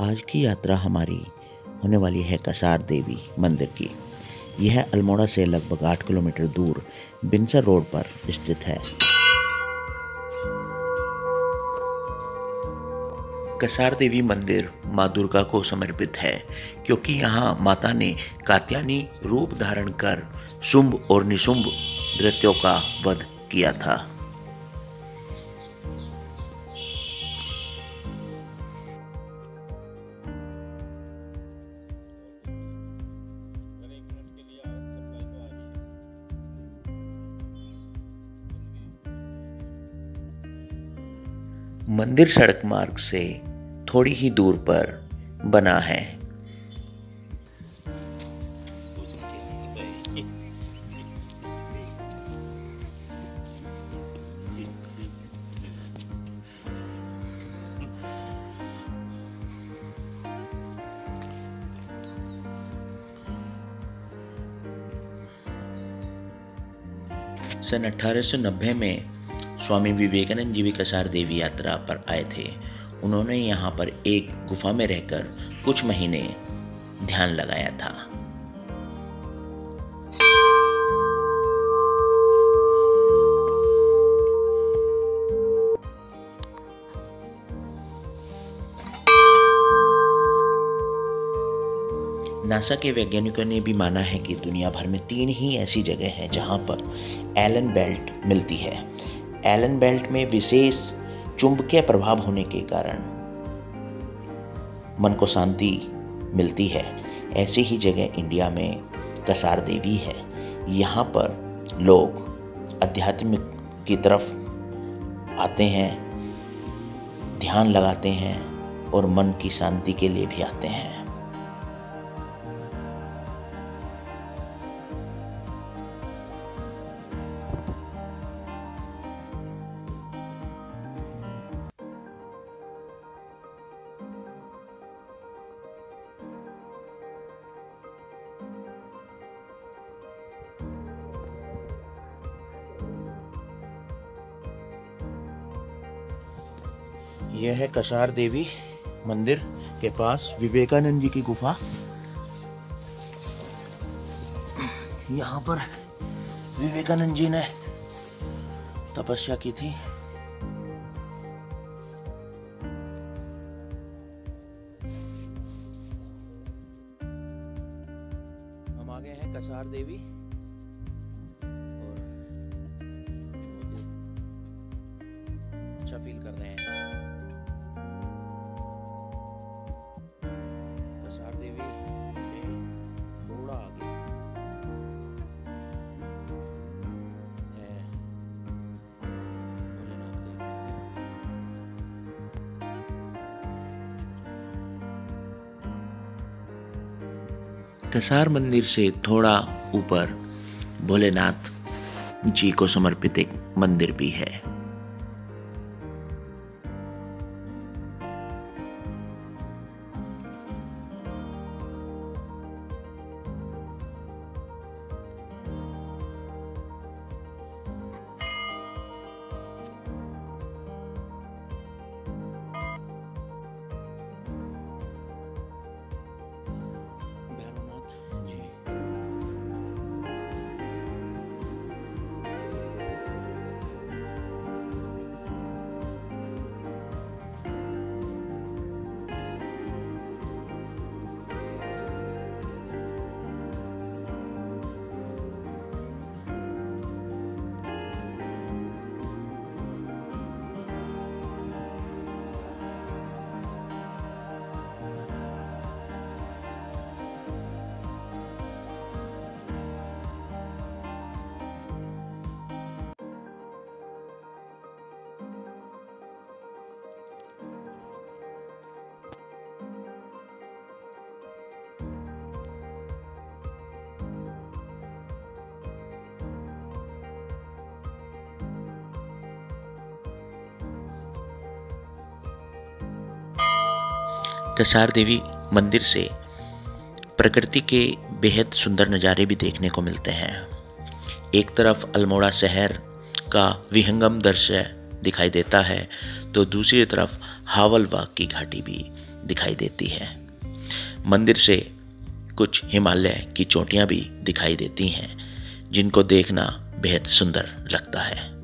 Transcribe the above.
आज की यात्रा हमारी होने वाली है कसार देवी मंदिर की यह अल्मोड़ा से लगभग आठ किलोमीटर दूर बिनसर रोड पर स्थित है कसार देवी मंदिर माँ दुर्गा को समर्पित है क्योंकि यहाँ माता ने कात्यानी रूप धारण कर शुंभ और निशुंभ नृत्यों का वध किया था मंदिर सड़क मार्ग से थोड़ी ही दूर पर बना है सन 1890 में स्वामी विवेकानंद जी भी कसार देवी यात्रा पर आए थे उन्होंने यहाँ पर एक गुफा में रहकर कुछ महीने ध्यान लगाया था नासा के वैज्ञानिकों ने भी माना है कि दुनिया भर में तीन ही ऐसी जगह हैं जहां पर एलन बेल्ट मिलती है एलन बेल्ट में विशेष चुंबकीय प्रभाव होने के कारण मन को शांति मिलती है ऐसी ही जगह इंडिया में कसार देवी है यहाँ पर लोग आध्यात्मिक की तरफ आते हैं ध्यान लगाते हैं और मन की शांति के लिए भी आते हैं यह है कसार देवी मंदिर के पास विवेकानंद जी की गुफा यहाँ पर विवेकानंद जी ने तपस्या की थी हम आ गए हैं कसार देवी कसार मंदिर से थोड़ा ऊपर भोलेनाथ जी को समर्पित एक मंदिर भी है कसार देवी मंदिर से प्रकृति के बेहद सुंदर नज़ारे भी देखने को मिलते हैं एक तरफ अल्मोड़ा शहर का विहंगम दृश्य दिखाई देता है तो दूसरी तरफ वाग की घाटी भी दिखाई देती है मंदिर से कुछ हिमालय की चोटियाँ भी दिखाई देती हैं जिनको देखना बेहद सुंदर लगता है